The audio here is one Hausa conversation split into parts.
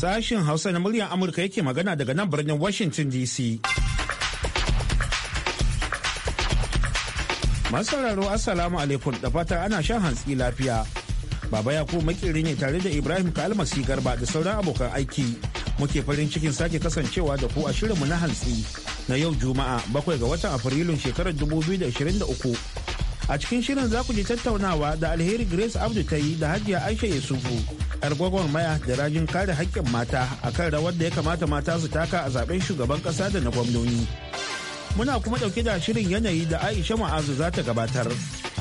Sashen Hausa na muryar Amurka yake magana daga nan birnin Washington DC. Masararo Assalamu alaikum da fata ana shan hantsi lafiya. Baba ya makirin ne tare da Ibrahim Kalmasi Garba da sauran abokan aiki. Muke farin cikin sake kasancewa da ku a shirinmu na hantsi na yau Juma'a bakwai ga watan Afrilun shekarar 2023. A cikin shirin za ku ji tattaunawa da alheri Grace Abdu ta yi da Hajiya Aisha Yusufu 'yar maya da rajin kare haƙƙin mata a kan rawar da ya kamata mata su taka a zaben shugaban ƙasa da na gwamnoni. Muna kuma ɗauke da shirin yanayi da Aisha Ma'azu za ta gabatar.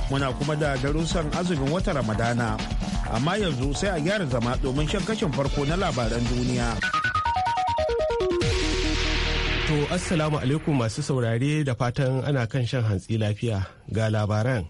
Muna kuma da darussan azumin wata Ramadana. Amma yanzu sai a gyara zama domin shan kashin farko na labaran duniya. To, Assalamu alaikum masu saurare da fatan ana kan shan hantsi lafiya ga labaran.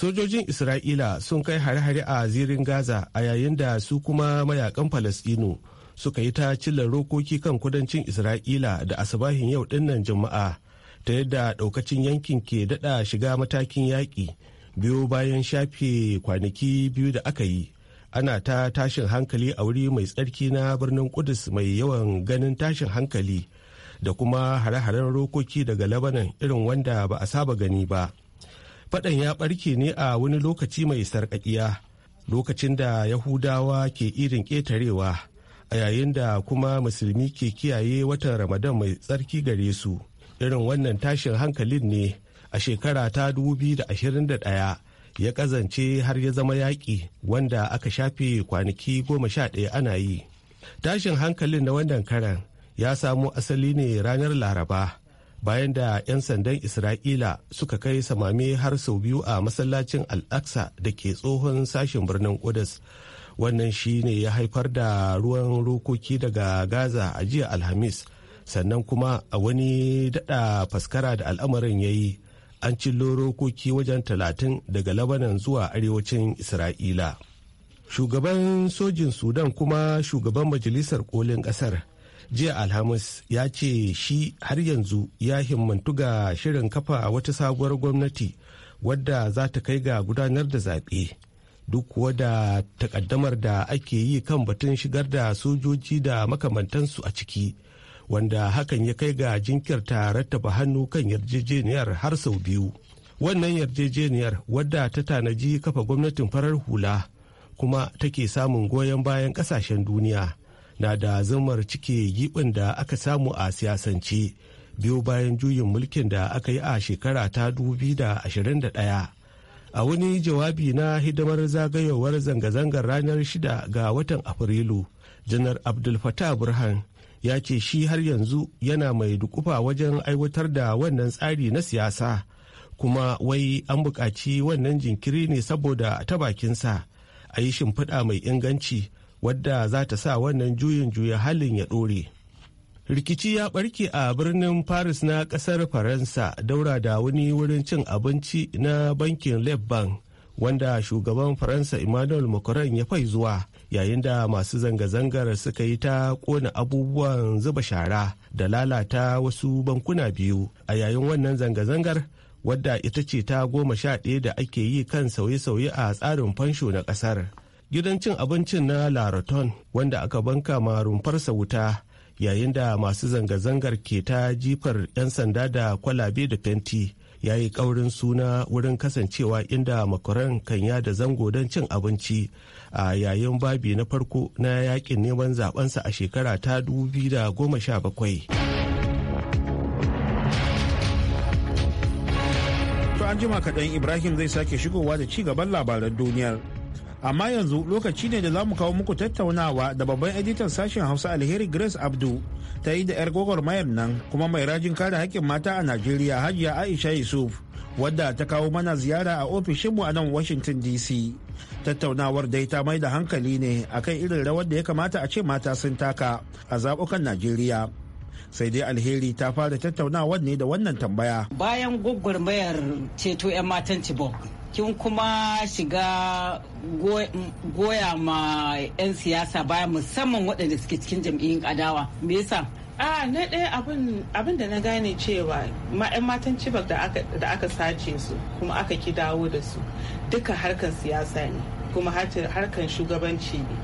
sojojin isra'ila sun kai hare-hare a zirin gaza a yayin da su kuma mayakan falastinu suka yi ta cilla rokoki kan kudancin isra'ila da asabahin yau dinnan jama'a ta yadda daukacin yankin ke dada shiga matakin yaƙi biyu bayan shafe kwanaki biyu da aka yi ana ta tashin hankali a wuri mai tsarki na birnin kudus mai yawan ganin tashin hankali da kuma hare-haren rokoki daga labanan irin wanda ba a saba gani ba. faɗan ya ɓarke ne a wani lokaci mai sarƙaƙiya lokacin da yahudawa ke irin ƙetarewa a yayin da kuma musulmi ke kiyaye watan ramadan mai tsarki gare su irin wannan tashin hankalin ne a shekara ta 2021 ya kazance har ya zama yaƙi wanda aka shafe kwanaki goma sha ɗaya ana yi tashin hankalin na wannan karan ya samo asali ne ranar laraba bayan da 'yan sandan isra'ila suka kai samami har sau biyu a masallacin al-aqsa da ke tsohon sashen birnin kudus wannan shi ne ya haifar da ruwan rokoki daga gaza a jiya alhamis sannan kuma a wani dada faskara da al'amarin ya yi an cillo rokoki wajen talatin daga labanan zuwa arewacin isra'ila shugaban sojin sudan kuma shugaban majalisar kolin kasar jiya alhamis ya ce shi har yanzu ya himmantu ga shirin kafa wata sabuwar gwamnati wadda za ta kai ga gudanar da zaɓe duk wadda takaddamar da ake yi kan batun shigar da sojoji da makamantansu a ciki wanda hakan ya kai ga jinkirta rattaba hannu kan yarjejeniyar har sau biyu wannan yarjejeniyar wadda ta tanaji kafa gwamnatin farar hula kuma take samun goyon bayan kasashen duniya na da zamar cike giɓin da aka samu a siyasance biyu bayan juyin mulkin da aka yi a shekara ta 2021 a wani jawabi na hidimar zagayowar zanga-zangar ranar 6 ga watan afrilu janar abdul fatah burhan ya ce shi har yanzu yana mai dukufa wajen aiwatar da wannan tsari na siyasa kuma wai an buƙaci wannan jinkiri ne saboda ta bakinsa a yi shimfiɗa mai inganci wadda za ta sa wannan juyin juya halin ya ɗore. rikici ya ɓarke a birnin paris na ƙasar faransa daura da wani wurin cin abinci na bankin lebban wanda shugaban faransa emmanuel macron ya fai zuwa yayin da masu zanga-zangar suka yi ta ƙona abubuwan zuba shara da lalata wasu bankuna biyu a yayin wannan zanga-zangar wadda ita ce ta goma sha ɗaya da ake yi kan sauye-sauye a tsarin fansho na ƙasar. gidan cin abincin na laraton wanda aka banka ma rumfarsa wuta yayin da masu zanga-zangar ke ta jifar 'yan sanda da kwalabe da fenti ya yi ƙaurin suna wurin kasancewa inda makaran kan da zango don cin abinci a yayin babi na farko na yakin neman zabensa a shekara ta 2017 an jima kaɗan ibrahim zai sake shigowa da ci gaban labaran duniyar amma yanzu lokaci ne da za mu kawo muku tattaunawa da babban editan sashen hausa alheri grace abdu ta yi da 'yar gwagwarmayar nan kuma mai rajin kare haƙƙin mata a najeriya hajiya aisha yusuf wadda ta kawo mana ziyara a ofishinmu a nan washington dc tattaunawar dai ta mai da hankali ne akan irin rawar da ya kamata a ce mata sun taka a zaɓukan najeriya sai dai alheri ta fara tattaunawar ne da wannan tambaya bayan gwagwarmayar ceto 'yan matan tibok kin kuma shiga goya ma 'yan siyasa baya musamman waɗanda suke cikin jam'iyyun adawa me yasa a na ɗaya abin da na gane cewa yan matan cibak da aka sace su kuma aka ki dawo da su duka harkar siyasa ne kuma harkar shugabanci ne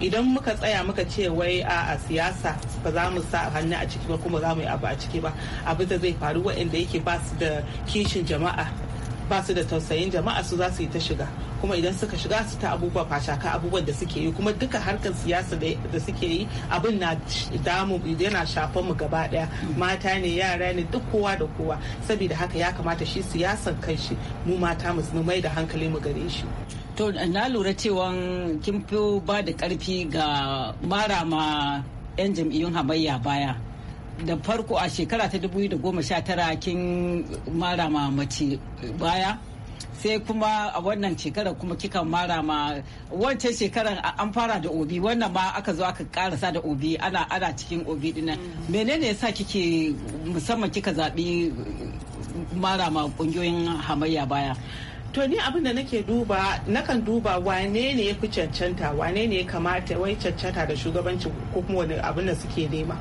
idan muka tsaya muka ce wai a siyasa ba za mu sa hannu a ciki ba kuma za mu yi abu a ciki ba abin da zai faru waɗanda yake ba su da kishin jama'a ba su da tausayin jama'a su za su yi ta shiga kuma idan suka shiga su ta abubuwa fashaka abubuwan da suke yi kuma duka harkar siyasa da suke yi abin na damu yana shafan mu gaba daya mata ne yara ne duk kowa da kowa saboda haka ya kamata shi siyasan kanshi mu mata mu mai da hankali mu gare shi to na lura cewa kin fi ba da karfi ga mara ma 'yan jam'iyyun hamayya baya da farko a shekara ta 2019 kin mara ma mace baya sai kuma a wannan shekarar kuma kika mara ma wancan shekarar an fara da obi wannan ma aka zo aka karasa da obi ana ana cikin obi dinnan menene yasa kike musamman kika zaɓi mara ma kungiyoyin hamayya baya to ni abin da nake duba nakan duba wane ne ya fi cancanta wane ne ya kamata wai cancanta da shugabanci ko kuma wani abin da suke nema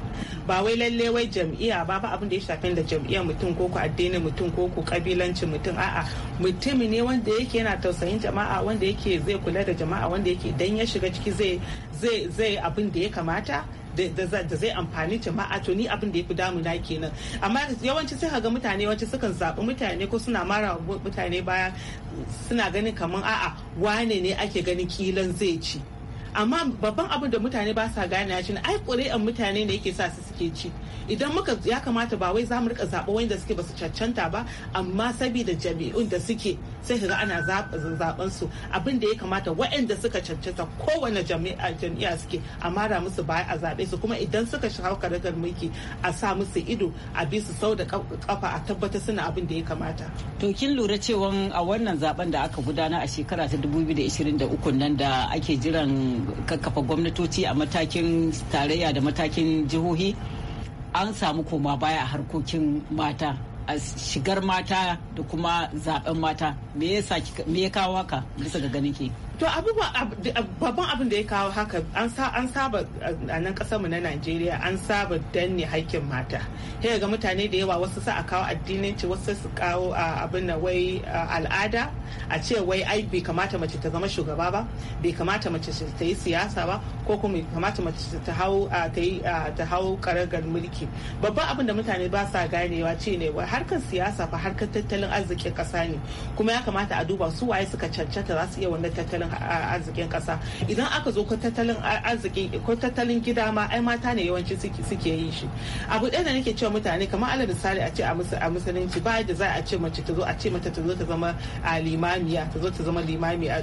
ba wai lalle wai jam'iya ba ba abin da ya shafi da jam'iyyar mutum ko ku addinin mutum ko ku kabilanci mutum a'a mutum ne wanda yake yana tausayin jama'a wanda yake zai kula da jama'a wanda yake dan ya shiga ciki zai zai zai abin da ya kamata da zai amfani jama'a to ni abin da ya fi damuna kenan amma yawanci sai kaga mutane yawanci sukan zaɓi mutane ko suna mara mutane baya suna ganin kamar a'a wane ne ake ganin kilan zai ci amma babban abin da mutane ba sa gane shi ai ƙuri'an mutane ne yake sa su suke ci idan muka ya kamata ba wai za mu rika zaɓa wanda suke ba su cancanta ba amma sabida jami'un da suke sai ka ga ana zaben su abin da ya kamata waɗanda suka cancanta kowane jami'a suke a mara musu baya a zaɓe su kuma idan suka shiga karagar mulki a sa musu ido a bi su sau da kafa a tabbatar suna abin da ya kamata. To kin lura cewa a wannan zaben da aka gudana a shekara ta 2023 nan da ake jiran kakkafa gwamnatoci a matakin tarayya da matakin jihohi an samu koma baya a harkokin mata a shigar mata da kuma zaben mata me ya kawo haka bisa ga ganin ki to babban abin da ya kawo haka an saba a nan kasarmu na najeriya an saba danne haƙƙin mata sai ga mutane da yawa wasu sa a kawo addininci wasu su kawo abin na wai al'ada a ce wai ai bai kamata mace ta zama shugaba ba bai kamata mace ta yi siyasa ba ko kuma bai kamata mace ta hau ta hau karagar mulki babban abin da mutane ba sa ganewa ce ne wai harkar siyasa fa harkar tattalin arzikin ƙasa ne kuma ya kamata a duba su waye suka cancanta za su iya wannan tattalin a arzikin kasa idan aka zo ko tattalin arziki ko tattalin gida ma ai mata ne yawanci suke yi shi abu ɗaya da nake cewa mutane kamar alal misali a ce a musulunci ba da za a ce mace ta zo a ce mata ta zo ta zama limamiya ta zo ta zama limami a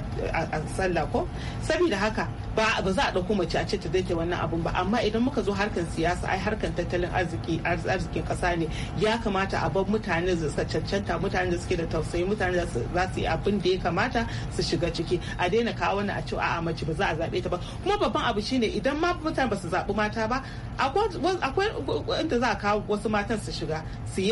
sallah ko saboda haka ba ba za a ɗauko mace a ce ta dake wannan abun ba amma idan muka zo harkan siyasa ai harkan tattalin arziki arzikin ƙasa ne ya kamata a bar mutane su cancanta mutane da suke da tausayi mutane da za su yi abin da ya kamata su shiga ciki a daina kawo wani a cewa a mace ba za a zaɓe ta ba kuma babban abu shine idan ma mutane ba su zaɓi mata ba akwai inda za a kawo wasu matan su shiga su yi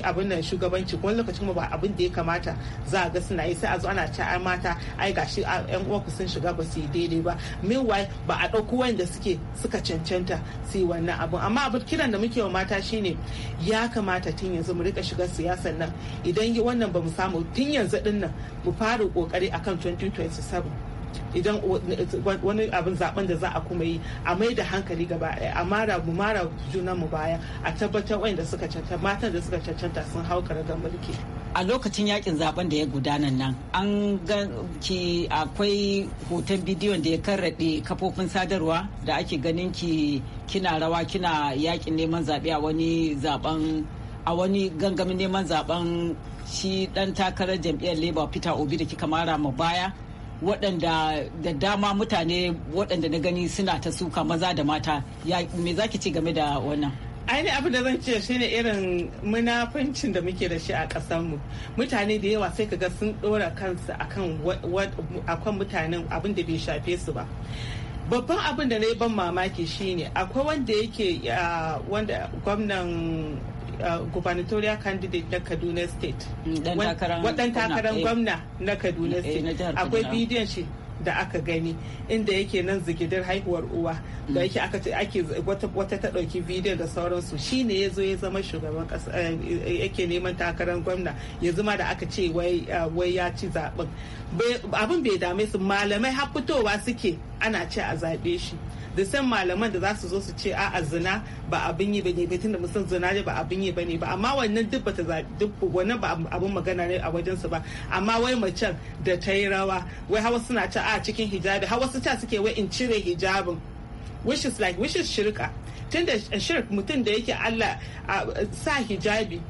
abin nan shugabanci wani lokacin ba abin da ya kamata za a ga suna yi sai a zo ana ce ai mata ai gashi yan uwanku sun shiga ba su yi daidai ba meanwhile ba a ɗauko wanda suke suka cancanta su yi wannan abu amma abin kiran da muke wa mata shine ya kamata tun yanzu mu rika shiga siyasar nan idan wannan ba mu samu tun yanzu din mu fara kokari akan 2027 idan wani abin zaben da za a kuma yi a mai da hankali gaba a mara mu mara junan mu baya a tabbatar wayanda suka cancanta matan da suka cancanta sun hau karagar mulki a lokacin yakin zaben da ya gudana nan an ga ki akwai hoton bidiyon da ya karrade kafofin sadarwa da ake ganin ki kina rawa kina yakin neman zaɓe a wani zaben a wani gangamin neman zaben shi dan takarar jam'iyyar labour peter obi da kika mara mu baya waɗanda da dama mutane waɗanda na gani suna ta suka maza da mata me zaki ce game da wannan ainihin abin da zan ce shine irin munafincin da muke da shi a ƙasarmu mutane da yawa sai kaga sun ɗora kansu akan mutanen abin da bai shafe su ba babban abin da na yi ban mamaki shine akwai wanda yake wanda gwamnan gubernatorial candidate na kaduna state wadan takarar eh. gwamna na kaduna eh, state akwai bidiyon shi da aka gani inda yake nan zigidar haihuwar uwa da mm. yake aka ce ake wata ta ɗauki bidiyo da sauransu shine ya zo ya zama shugaban eh, eh, yake neman takarar gwamna ya zama da aka ce wai eh, ya ci zaɓen abin bai dame su malamai har fitowa suke ana ce a zaɓe shi da san malaman da za su zo su ce a'a zina ba abin yi ne ba tunda mun san zina ne ba abin yi ba ne ba amma wannan duk ba ta duk wannan ba abin magana ne a wajen su ba amma wai macen da ta yi rawa wai hawa suna ta a cikin hijabi hawa su ta suke wai in cire hijabin which is like which is shirka tunda shirk mutum da yake Allah sa hijabi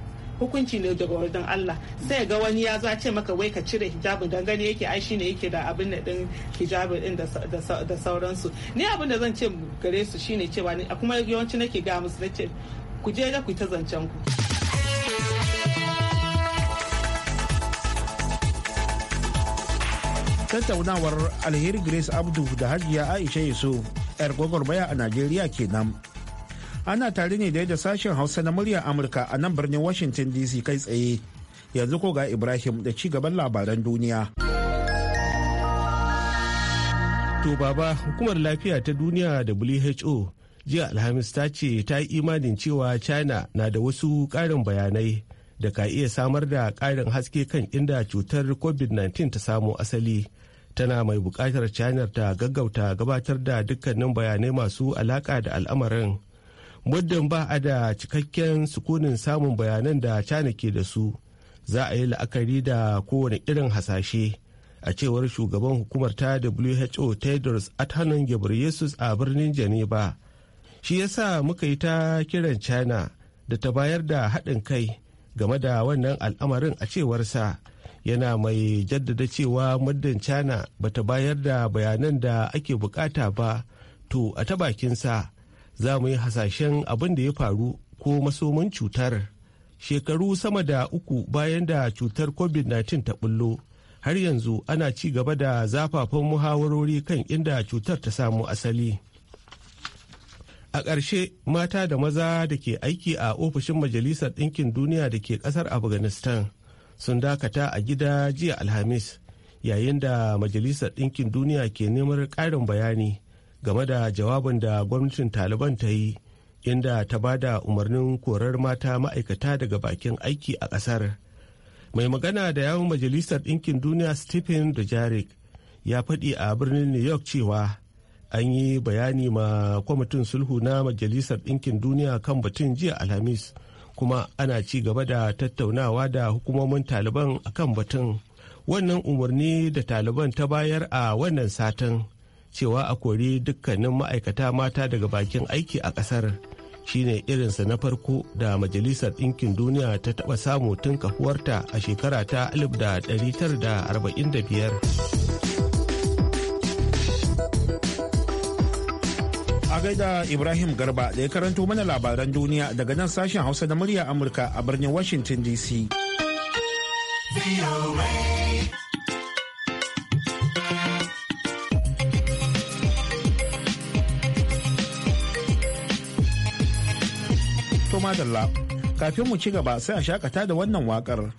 hukunci ne daga wajen Allah sai ga wani ya zace maka wai ka cire hijabin dan gani yake ai shine yake da abin da din hijabin din da sauransu ni abin da zan ce gare su shine cewa ni kuma yawanci nake ga musu nace ku je ku ta zancen ku tattaunawar alheri grace abdu da hajiya aisha yusuf 'yar gwagwarmaya a najeriya kenan ana tare ne da sashen hausa na murya amurka a nan birnin washington dc kai tsaye yanzu ko ga ibrahim da ci gaban labaran duniya to baba hukumar lafiya ta duniya who jiya alhamis ta ce ta yi imanin cewa china na da wasu ƙarin bayanai da ka iya samar da ƙarin haske kan inda cutar covid-19 ta samo asali tana mai bukatar china ta gaggauta gabatar da dukkanin bayanai masu alaƙa da al'amarin muddin ba a da cikakken sukunin samun bayanan da cana ke da su za a yi la'akari da kowane irin hasashe a cewar shugaban hukumar ta who tedros adhanom ghebreyesus a birnin geneva shi yasa muka yi ta kiran china da ta bayar da haɗin kai game da wannan al'amarin a cewarsa yana mai jaddada cewa muddin china ta bayar da bayanan da ake bukata ba to a ta bakinsa za mu yi hasashen abin da ya faru ko masomin cutar shekaru sama da uku bayan da cutar covid-19 ta bullo har yanzu ana ci gaba da zafafan muhawarori kan inda cutar ta samu asali a ƙarshe mata da maza da ke aiki a ofishin majalisar ɗinkin duniya da ke ƙasar afghanistan sun dakata a gida jiya alhamis yayin da majalisar ɗinkin duniya ke neman ƙarin bayani game da jawabin da gwamnatin taliban ta yi inda ta ba da umarnin korar mata ma'aikata daga bakin aiki a ƙasar mai magana da yawon majalisar ɗinkin duniya stephen dujarik ya faɗi a birnin new york cewa an yi bayani ma kwamitin sulhu na majalisar ɗinkin duniya kan batun jiya alhamis kuma ana ci gaba da tattaunawa da hukumomin taliban a kan batun wannan umarni da taliban ta bayar a wannan satin cewa a kori dukkanin ma'aikata mata daga bakin aiki a kasar shine irinsa na farko da majalisar ɗinkin duniya ta taɓa samu tun kafuwarta a shekara ta 1945. a gaida Ibrahim Garba da ya karanto mana labaran duniya daga nan sashen Hausa na murya Amurka a birnin Washington DC. madalla kafin mu ci gaba sai a shakata da wannan wakar.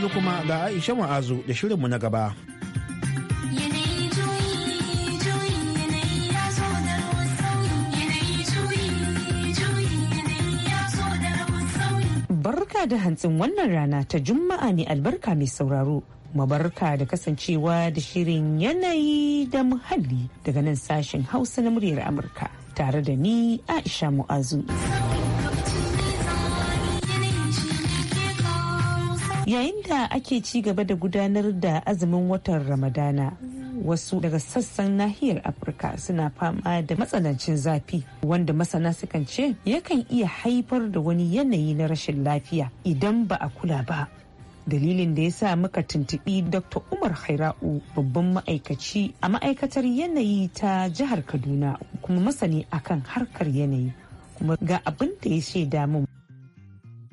yanzu kuma ga Aisha mu'azu da shirinmu na gaba. Barka da hantsin wannan rana ta Juma'a ne albarka mai sauraro. Mabarka da kasancewa da shirin yanayi da muhalli daga nan sashen Hausa na muryar Amurka tare da ni Aisha Mu'azu. yayin da ake ci gaba da gudanar da azumin watan ramadana wasu daga sassan nahiyar afirka suna fama da matsanancin zafi wanda masana sukan ce yakan iya haifar da wani yanayi na rashin lafiya idan ba a kula ba dalilin da ya sa muka tuntuɓi dr umar haira'u babban ma'aikaci a ma'aikatar yanayi ta jihar kaduna kuma masani akan harkar yanayi kuma ga abin da ya shaida mun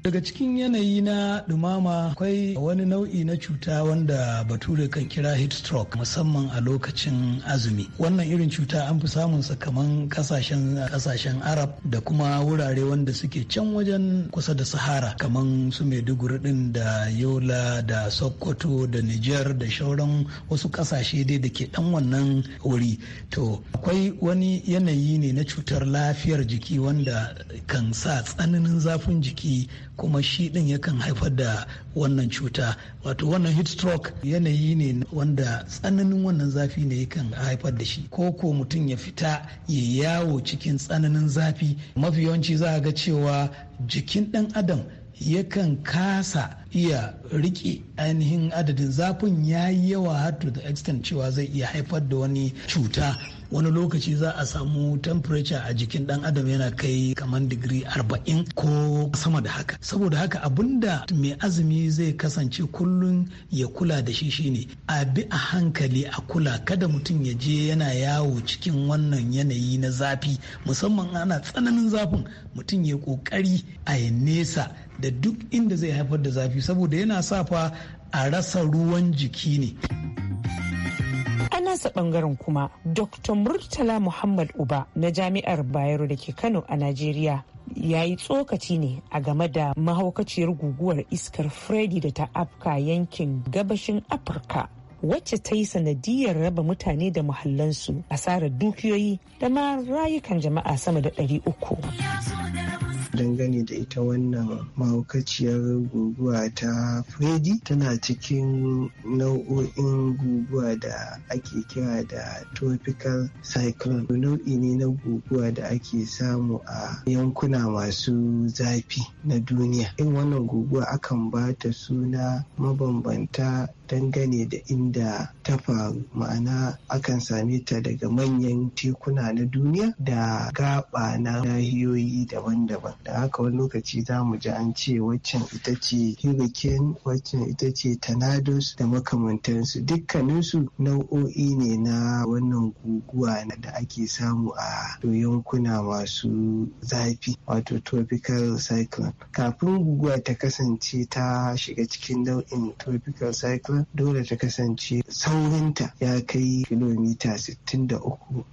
Daga cikin yanayi na dumama akwai wani nau'i na cuta wanda bature kan kira heat stroke musamman a lokacin azumi. Wannan irin cuta an fi samun kaman kasashen kasashen Arab da kuma wurare wanda suke can wajen kusa da Sahara kaman su Maiduguri din da Yola da Sokoto da Niger da shauran wasu kasashe dai da ke dan wannan wuri. To akwai wani yanayi ne na cutar lafiyar jiki wanda kan sa tsananin zafin jiki kuma shi din yakan haifar da wannan cuta wato wannan heat stroke yanayi ne wanda tsananin wannan zafi ne yakan haifar da shi ko ko mutum ya fita ya yawo cikin tsananin zafi mafi yawanci za a ga cewa jikin dan adam yakan kasa iya riƙe ainihin adadin zafin ya yi yawa har to the extent cewa zai iya haifar da wani cuta wani lokaci za a samu temperature a jikin dan adam yana kai kamar digiri arba'in ko sama da haka saboda haka abinda mai azumi zai kasance kullum ya kula da shi shine a bi a hankali a kula kada mutum ya je yana yawo cikin wannan yanayi na zafi musamman ana tsananin zafin mutum ya kokari a nesa da duk inda zai haifar da zafi saboda yana sa fa a rasa ruwan jiki ne. A nasa bangaren kuma, Dr. Murtala Muhammad Uba na Jami'ar Bayero da ke Kano a Najeriya ya yi tsokaci ne a game da mahaukaciyar guguwar iskar Freddy da ta afka yankin gabashin Afirka. wacce ta yi sanadiyar raba mutane da muhallansu asarar dukiyoyi da ma rayukan jama'a sama da 300. dangane da ita wannan mahaukaciyar guguwa ta Freddy tana cikin nau'o'in guguwa da ake kira da tropical cyclone nau'i ne na guguwa da ake samu a yankuna masu zafi na duniya. In wannan guguwa akan ba ta suna mabambanta dangane da inda ta faru ma'ana akan same ta daga manyan tekuna na duniya da gaba na nahiyoyi daban-daban da haka wani lokaci za mu ji an ce waccan ita ce hurricane waccan ita ce tornadoes da makamantansu dukkaninsu nau'o'i ne na wannan guguwa da ake samu a yankuna masu zafi wato tropical cyclone kafin guguwa ta kasance ta shiga cikin nau'in tropical cyclone kuma dole ta kasance saurinta ya kai kilomita 63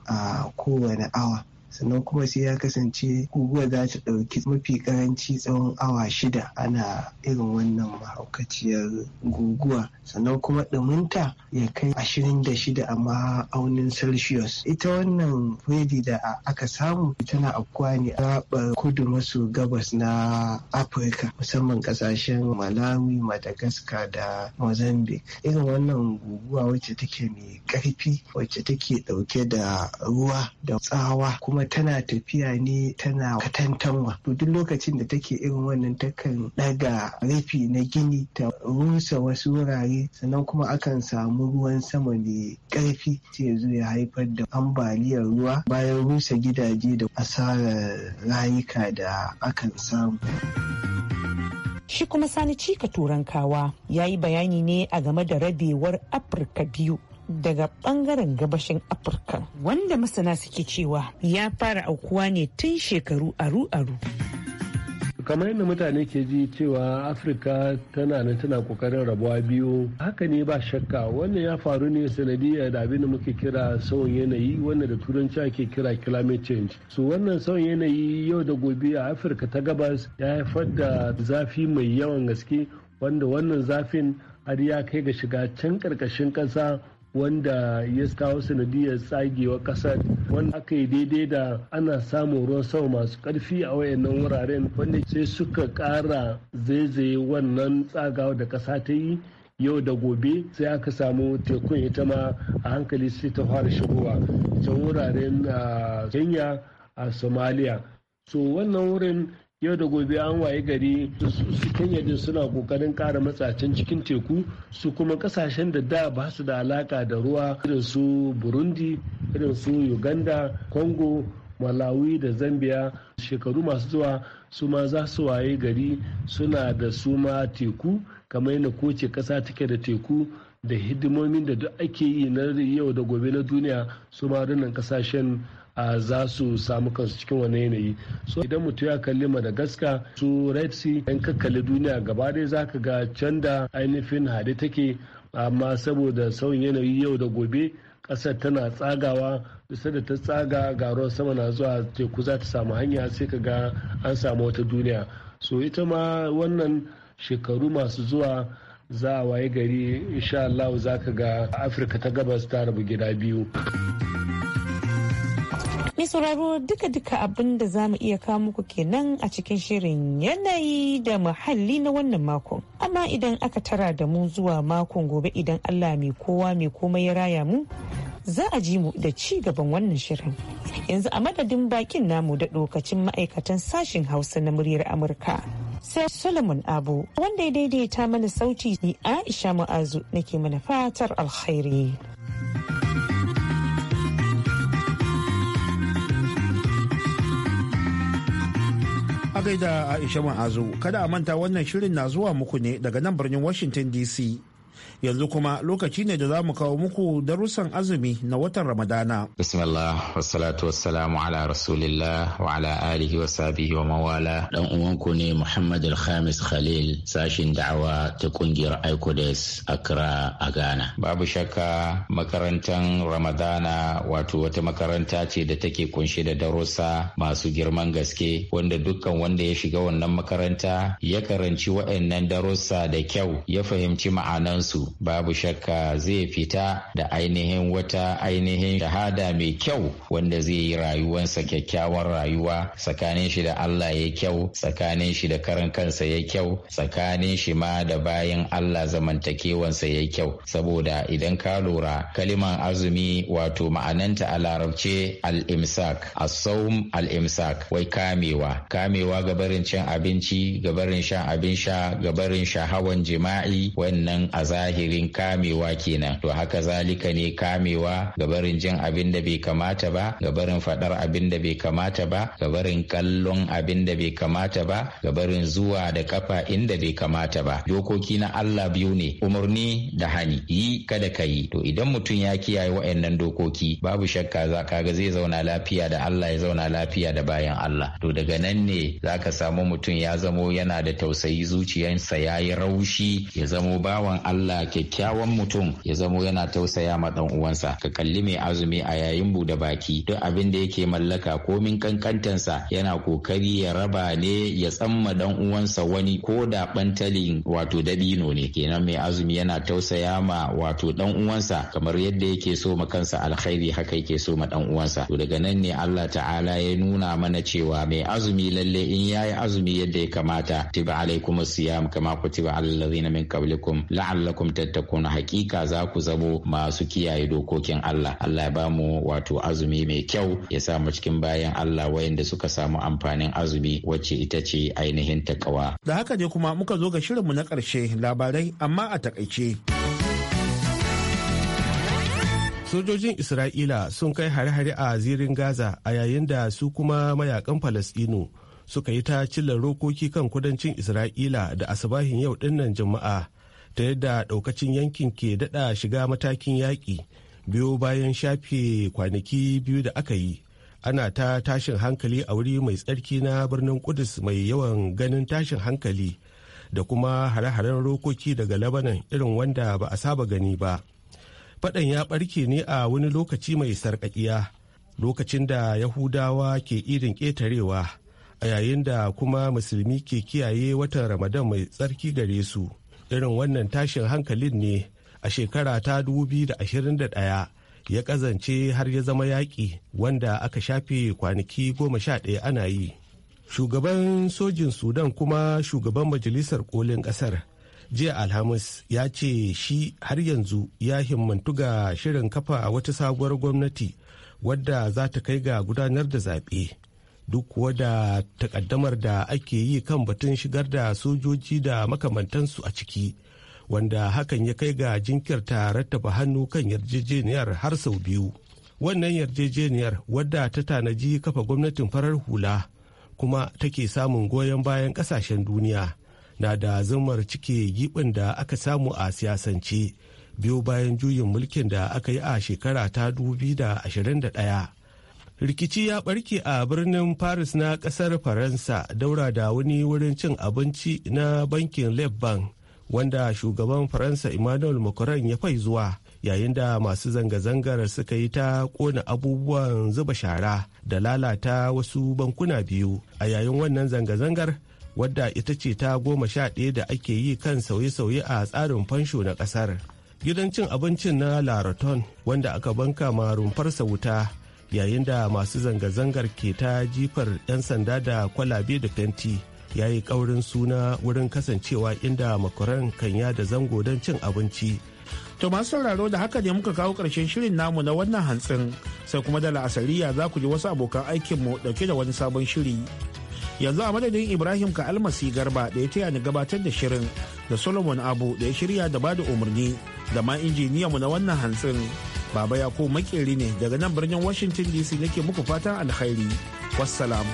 a kowane awa sannan kuma sai ya kasance guguwa za ta ɗauki mafi karanci tsawon awa shida ana irin wannan mahaukaciyar guguwa sannan kuma ɗuminta ya kai ashirin da shida a ma'aunin celsius ita wannan Freddy da aka samu tana afkuwa ne a kudu maso gabas na afirka musamman ƙasashen malawi madagascar da mozambique irin wannan guguwa wacce take mai ƙarfi wacce take ɗauke da ruwa da tsawa kuma tana tafiya ne tana katantanwa to duk lokacin da take irin wannan takan daga rufi na gini ta rusa wasu wurare sannan kuma akan samu ruwan sama mai karfi ce zo ya haifar da ambaliyar ruwa bayan rusa gidaje da asarar rayuka da akan samu. Shi kuma sani cika turankawa ya yi bayani ne a game da rabewar Afirka biyu daga bangaren gabashin afirka wanda masana suke cewa ya fara aukuwa ne tun shekaru aru-aru kamar yadda mutane ke ji cewa afirka tana nan tana kokarin rabuwa biyu haka ne ba shakka wannan ya faru ne sanadiyar da abin da muke kira sauyin yanayi wanda da turanci ake kira climate change su wannan sauyin yanayi yau da gobe a afirka ta gabas ya haifar da zafi mai yawan gaske wanda wannan zafin har ya kai ga shiga can karkashin ƙasa wanda ya kawo sanadiyar tsagewa kasar wanda aka yi daidai da ana samun ruwan sama masu karfi a wayannan wuraren wanda sai suka kara zaizaye wannan tsagawa da kasa ta yi yau da gobe sai aka samu tekun ita ma a hankali sai ta fara shigowa can wuraren ah, kenya a somalia so wannan wurin yau da gobe an waye gari su kenya din suna kokarin kara matsacin cikin teku su kuma kasashen da da ba su da alaka da ruwa irin su burundi irin su uganda congo malawi da zambia shekaru masu zuwa su ma za su waye gari suna da su ma teku kamar yadda koce kasa take da teku da hidimomin da duk ake yi na yau da gobe na duniya su ma kasashen a za su samu kansu cikin wani yanayi so idan mutum ya kalli madagascar su red sea in ka kalli duniya gaba dai za ka ga can da ainihin hade take amma saboda sauyin yanayi yau da gobe kasar tana tsagawa bisa da ta tsaga ga ruwan sama na zuwa teku za ta samu hanya sai ka ga an samu wata duniya so ita ma wannan shekaru masu zuwa za a waye gari insha Allah za ka ga afirka ta gabas ta rabu gida biyu. Mai sauraro duka-duka abin da za mu iya kawo muku kenan a cikin shirin yanayi da muhalli na wannan makon. Amma idan aka tara da mu zuwa makon gobe idan Allah mai kowa mai komai ya raya mu, za a ji mu da ci gaban wannan shirin. Yanzu a madadin bakin namu da dokacin ma'aikatan sashen Hausa na muryar Amurka. Sai Solomon Abu wanda ya daidaita mana sauti ni Aisha Mu'azu nake mana fatar alkhairi. A gaida Aisha Ma'azu, kada a manta wannan shirin na zuwa muku ne daga nan birnin Washington DC. yanzu kuma lokaci ne da za mu kawo muku darussan azumi na watan ramadana bismillah wassalatu wassalamu ala rasulillah wa ala alihi wa sabihi wa mawala dan uwanku ne muhammad alhamis khalil sashin da'awa ta kungiyar icodes accra a ghana babu shakka makarantar ramadana wato wata makaranta ce da take kunshe da darussa masu girman gaske wanda dukkan wanda ya shiga wannan makaranta ya karanci waɗannan darussa da kyau ya fahimci ma'anansu babu shakka zai fita da ainihin wata ainihin shahada mai kyau wanda zai yi rayuwansa kyakkyawan rayuwa tsakanin shi da Allah ya kyau tsakanin shi da karan kansa ya kyau tsakanin shi ma da bayan Allah zamantakewansa ya kyau saboda idan ka lura kaliman azumi wato ma'ananta a larabce al-imsak as-sawm al-imsak wai kamewa kamewa ga barin cin abinci ga barin shan abin sha ga barin shahawan jima'i wannan a zahirin kamewa kenan to haka zalika ne kamewa ga barin jin abin da bai kamata ba ga barin faɗar abin da bai kamata ba ga barin kallon abin da bai kamata ba ga barin zuwa da kafa inda bai kamata ba dokoki na Allah biyu ne umarni da hani yi kada ka yi to idan mutum ya kiyaye waɗannan dokoki babu shakka za ka ga zai zauna lafiya da Allah ya zauna lafiya da bayan Allah to daga nan ne za ka samu mutum ya zamo yana da tausayi zuciyarsa ya yi raushi ya zamo bawan Allah kyakkyawan mutum ya zamo yana tausaya ma dan uwansa ka kalli mai azumi a yayin bude baki duk abin da yake mallaka komin kankantansa yana kokari ya raba ne ya tsamma dan uwansa wani ko da bantalin wato dabino ne kenan mai azumi yana tausaya ma wato dan uwansa kamar yadda yake so ma kansa alkhairi haka yake so ma dan uwansa to daga nan ne Allah ta'ala ya nuna mana cewa mai azumi lalle in yayi azumi yadda ya kamata tiba alaikum siyam kama kutiba alal ladina min qablikum la'allakum cutar ta hakika za ku zamo masu kiyaye dokokin Allah Allah ya ba mu wato azumi mai kyau ya sa mu cikin bayan Allah wayanda suka samu amfanin azumi wacce ita ce ainihin takawa da haka ne kuma muka zo ga shirinmu na ƙarshe labarai amma a takaice sojojin isra'ila sun kai hare-hare a zirin gaza a yayin da su kuma mayakan falasɗinu suka yi ta cillar rokoki kan kudancin isra'ila da asibahin yau dinnan juma'a ta yadda daukacin yankin ke dada shiga matakin yaƙi biyu bayan shafe kwanaki biyu da aka yi ana ta tashin hankali a wuri mai tsarki na birnin kudus mai yawan ganin tashin hankali da kuma hare-haren rokoki daga labanan irin wanda ba a saba gani ba faɗan ya barke ne a wani lokaci mai sarƙaƙiya lokacin da yahudawa ke irin ƙetarewa a yayin da kuma musulmi ke kiyaye watan ramadan mai tsarki gare su irin wannan tashin hankalin ne a shekara ta 2021 ya kazance har ya zama yaƙi wanda aka shafe kwanaki goma sha ana yi shugaban sojin sudan kuma shugaban majalisar kolin ƙasar jiya alhamis ya ce shi har yanzu ya himmantu ga shirin kafa wata sabuwar gwamnati wadda za ta kai ga gudanar da zaɓe duk kuwa da takaddamar da ake yi kan batun shigar da sojoji da makamantansu a ciki wanda hakan ya kai ga jinkirta rattaba hannu kan yarjejeniyar har sau biyu wannan yarjejeniyar wadda ta tanaji kafa gwamnatin farar hula kuma take samun goyon bayan kasashen duniya na da zumar cike giɓin da aka samu a siyasance biyo bayan juyin mulkin da aka yi a shekara ta 2021 rikici ya barke a birnin paris na kasar faransa daura da wani wurin cin abinci na bankin lebban wanda shugaban faransa emmanuel macron ya fai zuwa yayin da masu zanga-zangar suka yi ta kona abubuwan zuba shara da lalata wasu bankuna biyu a yayin wannan zanga-zangar wadda ita ce ta goma sha ɗaya da ake yi kan sauye-sauye a tsarin fansho na ƙasar gidan cin abincin na laraton wanda aka banka ma rumfarsa wuta yayin da masu zanga-zangar ke ta jifar 'yan sanda da kwalabe da fenti ya yi ƙaurin suna wurin kasancewa inda makaran kan da zango don cin abinci. To masu sauraro da haka ne muka kawo ƙarshen shirin namu na wannan hantsin sai kuma da la'asariya za ku ji wasu abokan aikinmu ɗauke da wani sabon shiri. Yanzu a madadin Ibrahim ka almasi garba da ya taya ni gabatar da shirin da Solomon Abu da ya shirya da bada umarni. da ma mu na wannan hantsin baba ya ko makeri ne daga nan birnin washington dc nake muku fatan alkhairi wassalam.